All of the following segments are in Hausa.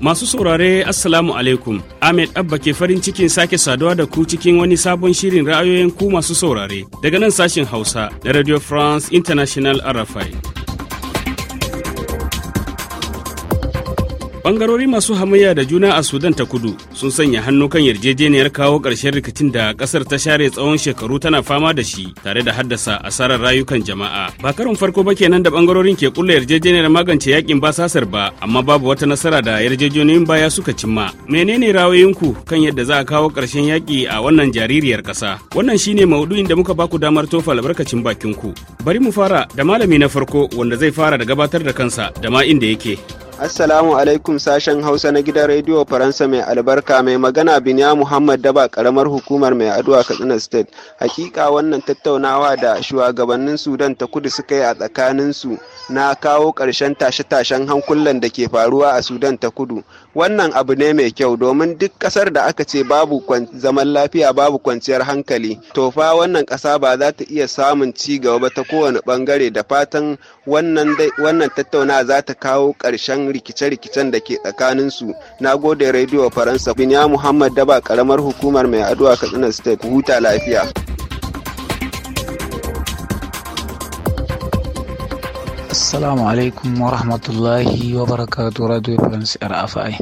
Masu saurare Assalamu alaikum, Ahmed Abba ke farin cikin sake saduwa da ku cikin wani sabon shirin ra'ayoyin ku masu saurare daga nan sashen Hausa na Radio France International RFI. bangarori masu hamayya da juna a sudan ta kudu sun sanya hannu kan yarjejeniyar kawo ƙarshen rikicin da ƙasar ta share tsawon shekaru tana fama da shi tare da haddasa asarar rayukan jama'a ba karin farko ba kenan da bangarorin ke kulle yarjejeniyar magance yakin basasar ba amma babu wata nasara da yarjejeniyoyin baya suka cimma menene rawayinku kan yadda za a kawo ƙarshen yaƙi a wannan jaririyar ƙasa wannan shine maudu'in da muka baku damar tofa albarkacin bakinku. bari mu fara da malami na farko wanda zai fara da gabatar da kansa da ma inda yake Assalamu alaikum sashen Hausa na gidan Rediyo Faransa mai albarka mai magana Biniya Muhammad Daba karamar hukumar mai aduwa Katsina State. Hakika wannan tattaunawa da shugabannin Sudan ta kudu suka yi a tsakaninsu na kawo ƙarshen tashe-tashen hankulan da ke faruwa a sudan ta kudu wannan abu ne mai kyau domin duk ƙasar da aka ce babu zaman lafiya babu kwanciyar hankali to fa wannan ƙasa ba za ta iya samun ci gaba ba ta kowane ɓangare da fatan wannan tattauna za ta kawo ƙarshen rikice-rikicen da ke tsakaninsu na gode rediyo faransa binya muhammad daba ƙaramar hukumar mai aduwa katsina state huta lafiya Assalamu alaikum wa rahmatullahi wa barakatuh Radio France RFI.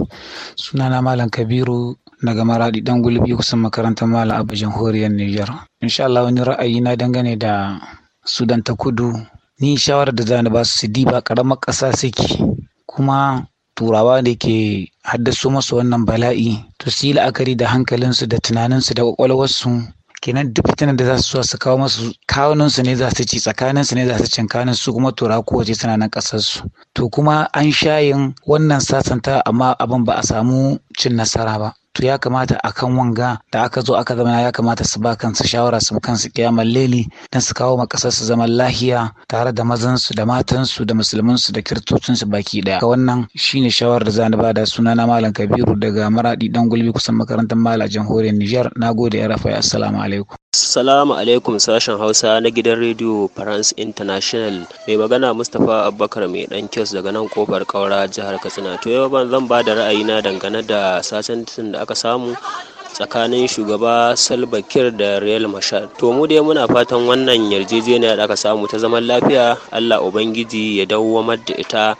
Sunana Malam Kabiru na daga Maradi dan gulbi kusan makarantar Malam Abu Horiyar Niger. Insha Allah wani ra'ayi na dangane da Sudan ta Kudu. Ni shawarar da zani ba su Sidi ba karamar ƙasa suke kuma turawa da ke haddasa masu wannan bala'i to su yi la'akari da hankalinsu da tunaninsu da kwakwalwarsu kenan duk fitinan da za su su kawo masu kawunansu ne za su ci tsakaninsu ne za su cin kanin su kuma tura ko waje suna nan ƙasarsu to kuma an shayin wannan sasanta amma abin ba a samu cin nasara ba to ya kamata a kan wanga da aka zo aka zama ya kamata su ba kansu shawara su kansu kiyamar leli don su kawo ma su zaman lahiya tare da mazansu da matansu da musulmansu da kiristocinsu baki daya wannan shine shawarar da zan bada suna na malam kabiru daga maradi dan gulbi kusan makarantar malam jamhuriyar niger nagode ya rafa assalamu alaikum Salamu alaikum sashen Hausa na gidan Rediyo France International. Mai magana Mustapha Abubakar mai ɗan kyas daga nan kofar kaura jihar Katsina. To yau zan ba da ra'ayina dangane da sasantin da aka samu tsakanin shugaba Salva Kiir da Real Mashar. To mu dai muna fatan wannan yarjejeniya da aka samu ta zaman lafiya Allah Ubangiji ya dawwamar da ita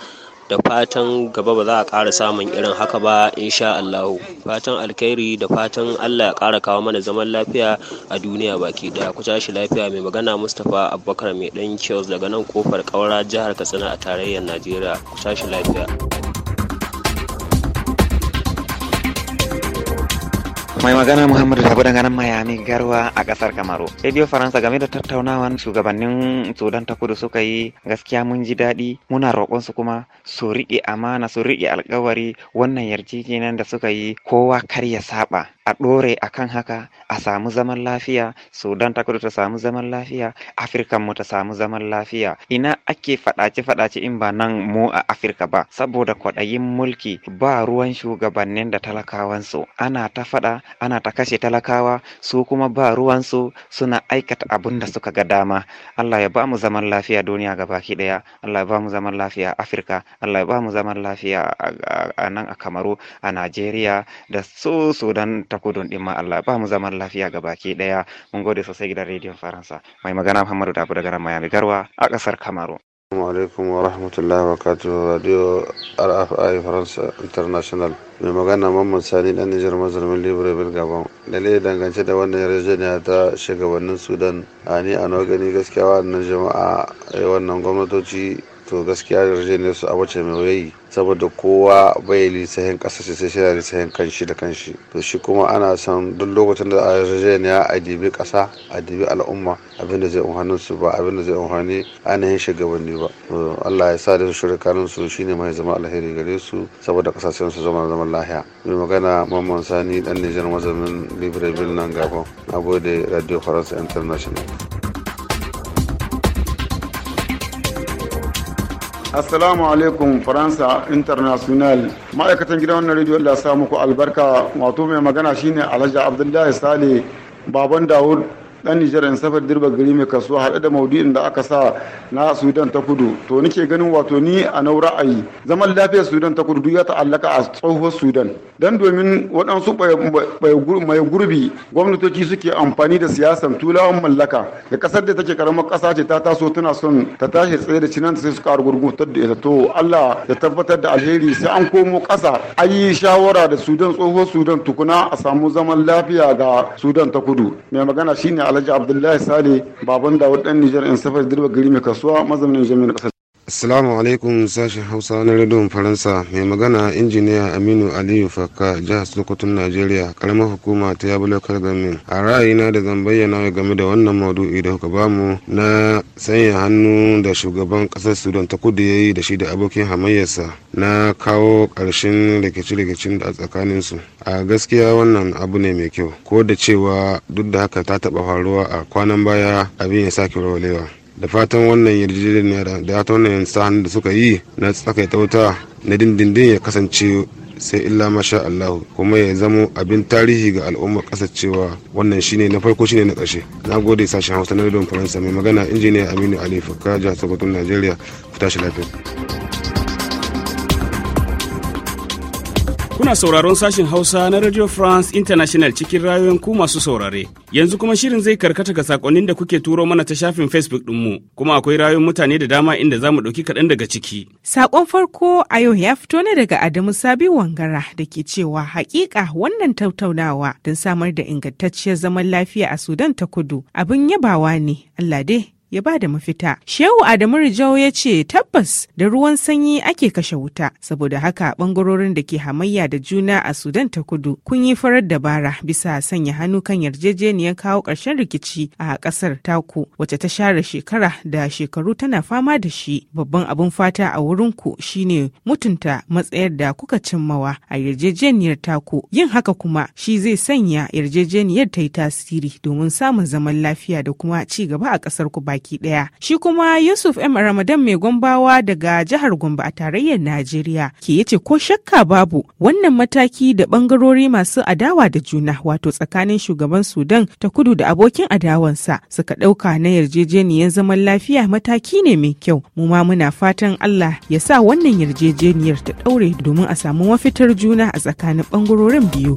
da fatan gaba ba za a ƙara samun irin haka ba insha Allahu fatan alkhairi da fatan Allah ya ƙara kawo mana zaman lafiya a duniya baki daya ku tashi lafiya mai magana Mustapha Abubakar mai dan Kiyos daga nan kofar Kaura jihar Katsina a tarayyar Najeriya ku tashi lafiya mai magana muhammadu sabu daga mayami garwa a kasar kamaru radio faransa game da tattaunawan shugabannin sudan ta kudu suka yi gaskiya mun ji daɗi muna roƙon su kuma su riƙe amana su riƙe alƙawari wannan yarjejeniyar da suka yi kowa kar ya saba a ɗore a kan haka a samu zaman lafiya sudan ta kudu ta samu zaman lafiya afirkan mu ta samu zaman lafiya ina ake fadace fadace in ba nan mu a afirka ba saboda kwaɗayin mulki ba ruwan shugabannin da talakawansu ana ta fada ana ta kashe talakawa su kuma ba ruwansu suna aikata abin da suka ga dama allah ya ba mu zaman lafiya duniya ga baki ɗaya allah ya ba mu zaman lafiya a afirka allah ya ba mu zaman lafiya a nan a kamaru a najeriya da su sudan ta kudun din ma Allah ba mu zaman lafiya ga baki daya mun gode sosai gidan rediyon faransa mai magana muhammadu Dabu daga nan miami garwa a kasar kamaru Assalamu alaikum wa rahmatullahi wa katuhu radio RFI Faransa International. Mai magana Mamman Sani dan Nijar mazalmin Libreville Gabon. Dalilin dangance da wannan yarjejeniya ta shugabannin Sudan a ni a gani gaskiya wannan jama'a eh, wannan gwamnatoci to gaskiya yarjejeniyar su abu ce mai wayi saboda kowa bai lisahin ƙasa sai shi da lisahin kanshi da kanshi to shi kuma ana son duk lokacin da a yarjejeniya a dibi kasa a dibi al'umma abinda zai umarni su ba abinda zai umarni ainihin shugabanni ba to Allah ya sa da su shirkanin su shine mai zama alheri gare su saboda kasashen su zama zaman lahiya mai magana Mamman Sani dan Nijar mazamin Libreville nan Gabon nagode Radio faransa International Assalamu alaikum Faransa International. Ma'aikatan gidan wannan rediyo Allah ya sa muku albarka wato mai magana shine Alhaji Abdullahi Sale Baban Dawud dan Nijar in safar dirba gari mai kasuwa haɗe da maudu'in da aka sa na Sudan ta kudu to nake ganin wato ni a nau ra'ayi zaman lafiyar Sudan ta kudu ya ta'allaka a tsohuwar Sudan dan domin waɗansu mai gurbi gwamnatoci suke amfani da siyasar tulawan mallaka da ƙasar da take karamar ƙasa ce ta taso tana son ta tashi tsaye da cinan sai su ƙara gurgutar da ita to Allah ya tabbatar da alheri sai an komo ƙasa ayi shawara da Sudan tsohuwar Sudan tukuna a samu zaman lafiya ga Sudan ta kudu mai magana shine alhaji abdullahi sale baban dawud dan nijar in safar dirba gari mai kasuwa mazaunin jami'ar kasar Assalamu alaikum sashen Hausa na rediyon Faransa mai magana injiniya Aminu Aliyu Fakka jihar Sokoton Najeriya karamar hukuma ta ya Local gamin A ra'ayina da zan bayyana game da wannan maudu'i da kuka bamu na sanya hannu da shugaban kasar Sudan ta kudu yayi da shi da abokin hamayyarsa na kawo ƙarshen rikice-rikicen da a tsakanin A gaskiya wannan abu ne mai kyau ko da cewa duk da haka ta taɓa faruwa a kwanan baya abin ya sake rawalewa. da fatan wannan yarjejeniya da ya wannan sa'an da suka yi na tsakaita wuta na dindindin ya kasance sai illa masha allahu kuma ya zamo abin tarihi ga al'ummar ƙasar cewa wannan shine na farko shine na ƙarshe na gode sashen hausa na rediyon faransa mai magana injiniya aminu ali fakka jihar sokoto najeriya ku tashi lafiya Kuna sauraron sashin Hausa na Radio France International cikin rayoyin ku masu saurare. Yanzu kuma shirin zai karkata ga sakonnin da kuke turo mana ta shafin Facebook ɗinmu, kuma akwai rayuwar mutane da dama inda za mu ɗauki kaɗan daga ciki. Sakon farko a yau ya fito ne daga Adamu Sabi Wangara da ke cewa hakika wannan tattaunawa don samar da ingantacciyar zaman lafiya a Sudan ta kudu abin yabawa ne. Allah dai ya ba da mafita. Shehu Adamu Rijau ya ce tabbas da ruwan sanyi ake kashe wuta saboda haka bangarorin da ke hamayya da juna a Sudan ta kudu kun yi farar dabara bisa sanya hannu kan yarjejeniyar kawo ƙarshen rikici a ƙasar taku wacce ta share shekara da shekaru tana fama da shi babban abin fata a wurinku shine mutunta matsayar da kuka cimmawa a yarjejeniyar taku yin haka kuma shi zai sanya yarjejeniyar ta yi tasiri domin samun zaman lafiya da kuma ci gaba a ƙasar ku baki baki daya shi kuma yusuf m ramadan mai gombawa daga jihar gombe a tarayyar najeriya ke yace ko shakka babu wannan mataki da bangarori masu adawa da juna wato tsakanin shugaban sudan ta kudu da abokin adawansa suka dauka na yarjejeniyar zaman lafiya mataki ne mai kyau mu ma muna fatan allah ya sa wannan yarjejeniyar ta daure domin a samu mafitar juna a tsakanin bangarorin biyu.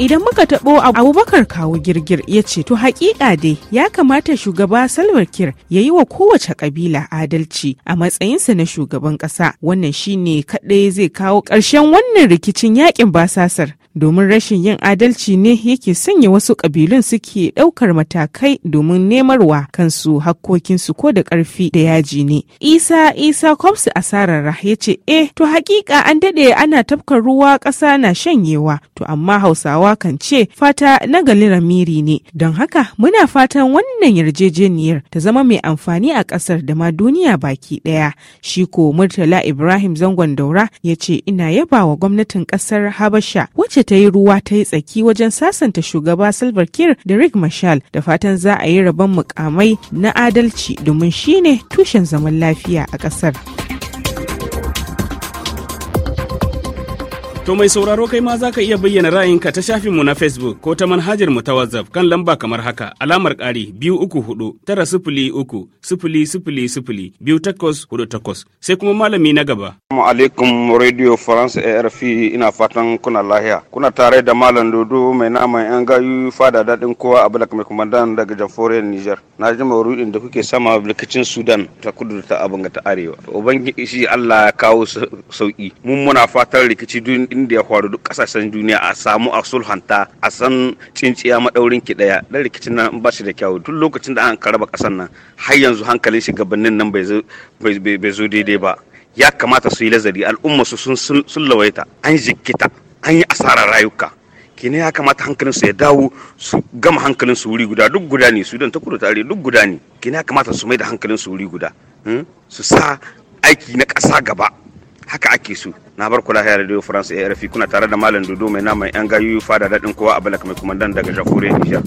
idan muka taɓo abubakar kawo girgir ya ce to hakika dai ya kamata shugaba salwar kir ya yi wa kowace kabila adalci a matsayinsa na shugaban ƙasa wannan shine kadai zai kawo ƙarshen wannan rikicin yakin basasar domin rashin yin adalci ne yake sanya wasu ƙabilun suke ɗaukar matakai domin nemarwa kansu hakkokinsu ko da ƙarfi da yaji ne. Isa Isa Kwamsu Asarara ya ce eh to hakika an daɗe ana tafkar ruwa ƙasa na shanyewa to amma Hausawa kan ce fata na galira miri ne don haka muna fatan wannan yarjejeniyar ta zama mai amfani a ƙasar da ma duniya baki ɗaya. Shi ko Murtala Ibrahim Zangon Daura ya ce ina yabawa gwamnatin ƙasar Habasha wacce ce ta yi ruwa ta yi tsaki wajen sasanta shugaba silver kir da Rick Mashal da fatan za a yi rabon mukamai na adalci domin shine tushen zaman lafiya a kasar. To mai sauraro kai ma za ka iya bayyana ra'ayinka ta mu na Facebook ko ta manhajar mu ta WhatsApp kan lamba kamar haka alamar ƙari biyu uku hudu tara sifili uku sifili sifili sifili biyu takwas hudu takwas sai kuma malami na gaba. Assalamu alaikum Radio France ARF ina fatan kuna lahiya. Kuna tare da Malam Dodo mai naman yan gayu fada daɗin kowa a Balak mai kumandan daga Jamfore Nijar. Na ji mauru'in da kuke sama bilkicin Sudan ta kudu ta abin ta arewa. Ubangiji Allah ya kawo sauki. Mun muna fatan rikici duniya abin da ya faru duk kasashen duniya a samu a sulhanta a san cinciya madaurin ki daya dan rikicin nan ba shi da kyau duk lokacin da an karaba kasan nan har yanzu hankalin shugabannin nan bai zo daidai ba ya kamata su yi lazari al'umma su sun lawaita an jikita an yi asarar rayuka kene ya kamata hankalin su ya dawo su gama hankalin su wuri guda duk guda ne sudan ta kudu tare duk guda ne kene ya kamata su mai da hankalin su wuri guda hmm? su sa aiki na ƙasa gaba haka ake so na bar kula ya radio france arf kuna tare da malam dodo mai nama yan gayu fada daɗin kowa a balak mai kumandan daga jamhuriyar nijar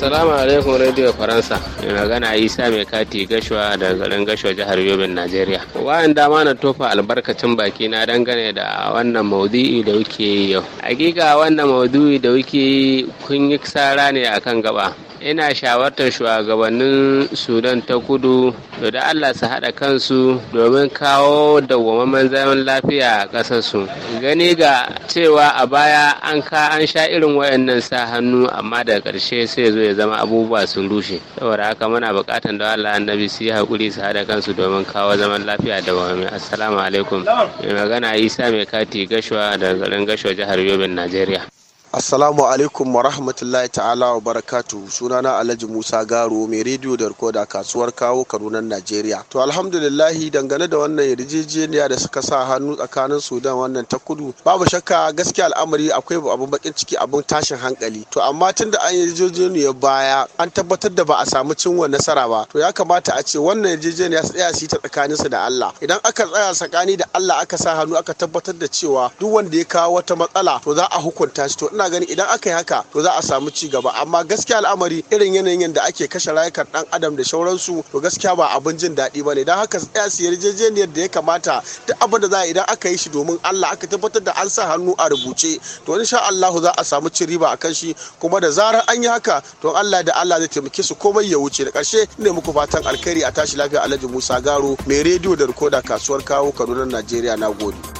Assalamu alaikum Radio Faransa. Mai magana Isa mai kati Gashwa da garin Gashwa jihar yobin Najeriya. Wayan dama na tofa albarkacin baki na dangane da wannan maudu'i da kuke yi yau. Hakika wannan maudu'i da kuke kun yi sara ne akan gaba. ina shawartar shugabannin sudan ta kudu da allah su haɗa kansu domin kawo dawwammamen zaman lafiya a ƙasarsu gani ga cewa a baya an ka an sha irin wayannan sa hannu amma da ƙarshe sai zo ya zama abubuwa sun rushe saboda haka muna buƙatar da allah annabi su yi haƙuri su haɗa kansu domin kawo zaman lafiya da wani assalamu alaikum mai magana isa mai kati gashwa da garin gashwa jihar yobin najeriya Assalamu alaikum wa rahmatullahi ta'ala wa barakatu sunana Alhaji Musa Garo mai rediyo da rikoda kasuwar kawo karunan Najeriya. To alhamdulillahi dangane da wannan yarjejeniya da suka sa hannu tsakanin Sudan wannan ta kudu babu shakka gaskiya al'amari akwai abu bakin ciki abun tashin hankali. To amma tun da an yarjejeniya baya an tabbatar da ba a samu cinwa nasara ba to ya kamata a ce wannan yarjejeniya su tsaya su ta tsakanin su da Allah. Idan aka tsaya tsakani da Allah aka sa hannu aka tabbatar da cewa duk wanda ya kawo wata matsala to za a hukunta shi to ina gani idan aka yi haka to za a samu ci gaba amma gaskiya al'amari irin yanayin da ake kashe rayukan dan adam da su to gaskiya ba abin jin daɗi ba ne don haka tsaya su yarjejeniyar da ya kamata duk abin da za a idan aka yi shi domin Allah aka tabbatar da an sa hannu a rubuce to insha Allah za a samu ci riba akan shi kuma da zarar an yi haka to Allah da Allah zai taimake su komai ya wuce da ƙarshe ne muku fatan alkhairi a tashi lafiya Alhaji Musa Garo mai rediyo da rikoda kasuwar kawo Kaduna Najeriya na gode.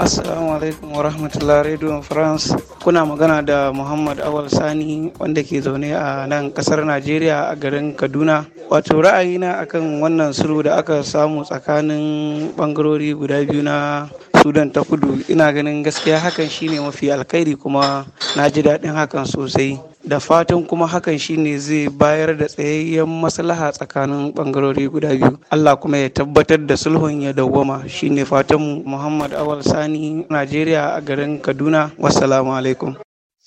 Assalamu alaikum wa rahmatullah Radio France. Kuna magana da Muhammad Awal Sani wanda ke zaune a nan kasar Najeriya a garin Kaduna. Wato ra'ayina akan wannan sulhu da aka samu tsakanin bangarori guda biyu na Sudan ta kudu ina ganin gaskiya hakan shine mafi alkhairi kuma na ji daɗin hakan sosai. da fatan kuma hakan shine zai bayar da tsayayyen maslaha tsakanin bangarori guda biyu Allah kuma ya tabbatar da sulhun ya dawwama shine fatan Muhammad Awal Sani Najeriya a garin Kaduna wassalamu alaikum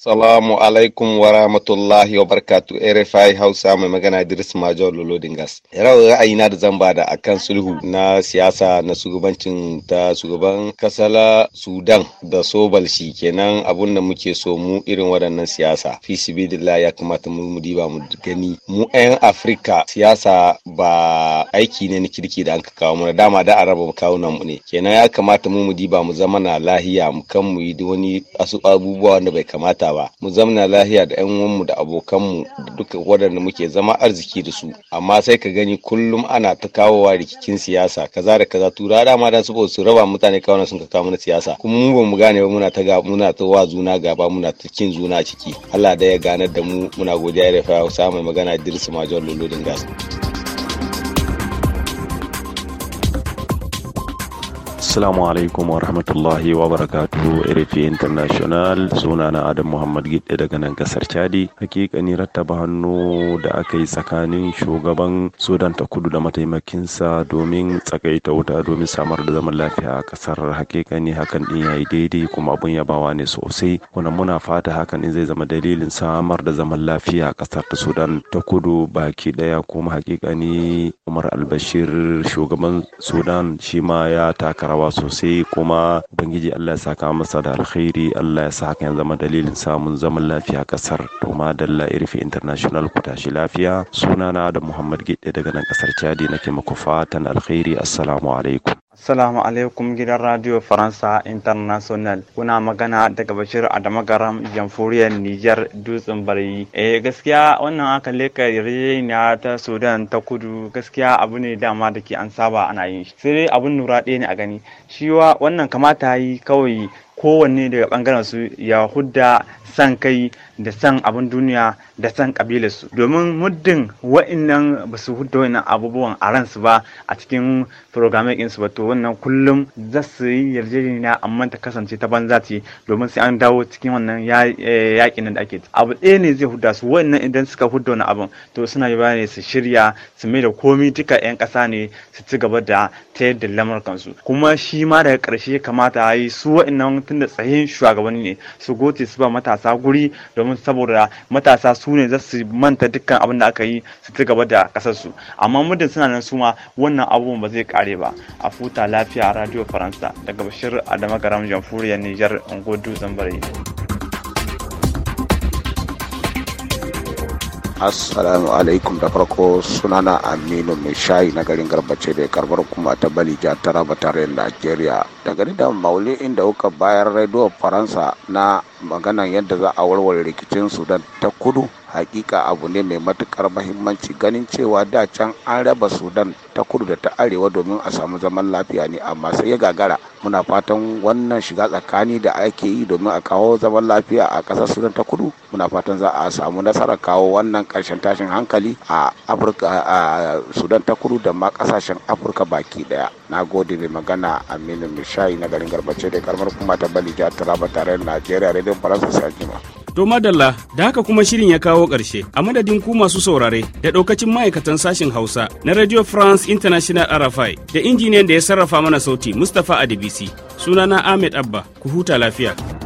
Salamu alaikum wa rahmatullahi wa barkatu RFI Hausa mai magana Idris Major Lolodingas. Ra'ayi ra'ayina da zan bada akan sulhu na siyasa na shugabancin ta shugaban kasala Sudan da Sobal shi kenan abun muke so mu irin waɗannan siyasa. Fi ya kamata mu mu diba mu gani mu 'yan Afirka siyasa ba aiki ne na kirki da an ka kawo mana dama da araba kawo mu ne. Kenan ya kamata mu mu diba mu zama na lahiya mu kan mu yi wani abubuwa wanda bai kamata ba mu zamna lahiya da 'yan uwanmu da abokanmu da duka waɗanda muke zama arziki da su amma sai ka gani kullum ana ta kawowa rikicin siyasa kaza da kaza tura da ma da saboda su raba mutane na sun ka kawo mana siyasa kuma mu bamu gane ba muna ta ga muna ta wa zuna gaba muna ta kin zuna ciki Allah da ya ganar da mu muna godiya da fa'a samu magana dirsu Major Lolo Dingas. Assalamu alaikum wa rahmatullahi wa barakatuhu RFI International sunana Adam Muhammad Gidde daga nan kasar Chadi. ni rattaba hannu da aka yi tsakanin shugaban Sudan ta kudu da mataimakinsa domin tsakaita wuta domin samar da zaman lafiya a kasar hakikani hakan din yayi daidai kuma abun yabawa ne sosai. Kuna muna fata hakan din zai zama dalilin samar da zaman lafiya a kasar ta Sudan ta kudu baki daya kuma hakikani Umar al-Bashir shugaban Sudan shi ma ya taka rawa yawa sosai kuma bangiji Allah ya saka masa da alkhairi Allah ya sa hakan ya zama dalilin samun zaman lafiya kasar to madalla irfi international ku tashi lafiya sunana da Muhammad Gidde daga nan kasar Chadi nake muku fatan alkhairi assalamu alaikum Assalamu alaikum gidan Radio Faransa International. Kuna magana daga Bashir Adama Garam jamhuriyar Nijar dutsen Bari. Eh gaskiya wannan aka leka yarjejeniya ta Sudan ta kudu gaskiya abu ne dama da ke an saba ana yin shi. Sai dai abun nura ɗaya ne a gani. shiwa wannan kamata yi kawai kowanne daga bangaren su ya hudda san kai da san abin duniya da san kabilarsu domin muddin wa'annan ba su hudda wani abubuwan a ransu ba a cikin programming insu ba to wannan kullum za su yi yarjejeniya amma ta kasance ta banza ce domin sai an dawo cikin wannan yakin eh, da ake abu ɗaya ne zai hudda su wa'annan idan suka hudda wani abin to suna yi ne su shirya su mai da komi duka 'yan ƙasa ne su ci gaba da ta yadda lamar kansu kuma shi ma daga ƙarshe kamata a yi su wa'annan da tsayin shugabanni ne su gote su ba matasa guri domin saboda matasa su ne za su manta dukkan abin da aka yi su ci gaba da kasar su amma muddin suna nan su ma wannan abubuwan ba zai kare ba a futa lafiya radio faransa daga bashir adama garam jamhuriyar niger ungo dutsen bari assalamu alaikum da farko sunana aminu mai shayi na garin garbace da karbar kuma ta bali jihar taraba tarayyar najeriya daga da mauli inda kuka bayar rediyo faransa na maganan yadda za a warware rikicin sudan ta kudu hakika abu ne mai matukar mahimmanci ganin cewa da can an raba sudan ta kudu da ta arewa domin a samu zaman lafiya ne amma sai ya gagara muna fatan wannan shiga tsakani da ake yi domin a kawo zaman lafiya a ƙasar sudan ta kudu muna fatan za a samu nasarar kawo wannan ƙarshen tashin hankali a afirka a sudan ta kudu da ma kasashen afirka baki daya na gode mai magana aminu mishayi na garin garbace da karmar kuma ta balija taraba tare da najeriya rediyon faransa sajima To madalla da haka kuma shirin ya kawo ƙarshe a madadin ku masu saurare da ɗaukacin ma'aikatan sashen Hausa na Radio France International RFI da injiniyan da ya sarrafa mana sauti Mustapha Adebisi sunana Ahmed Abba ku huta lafiya.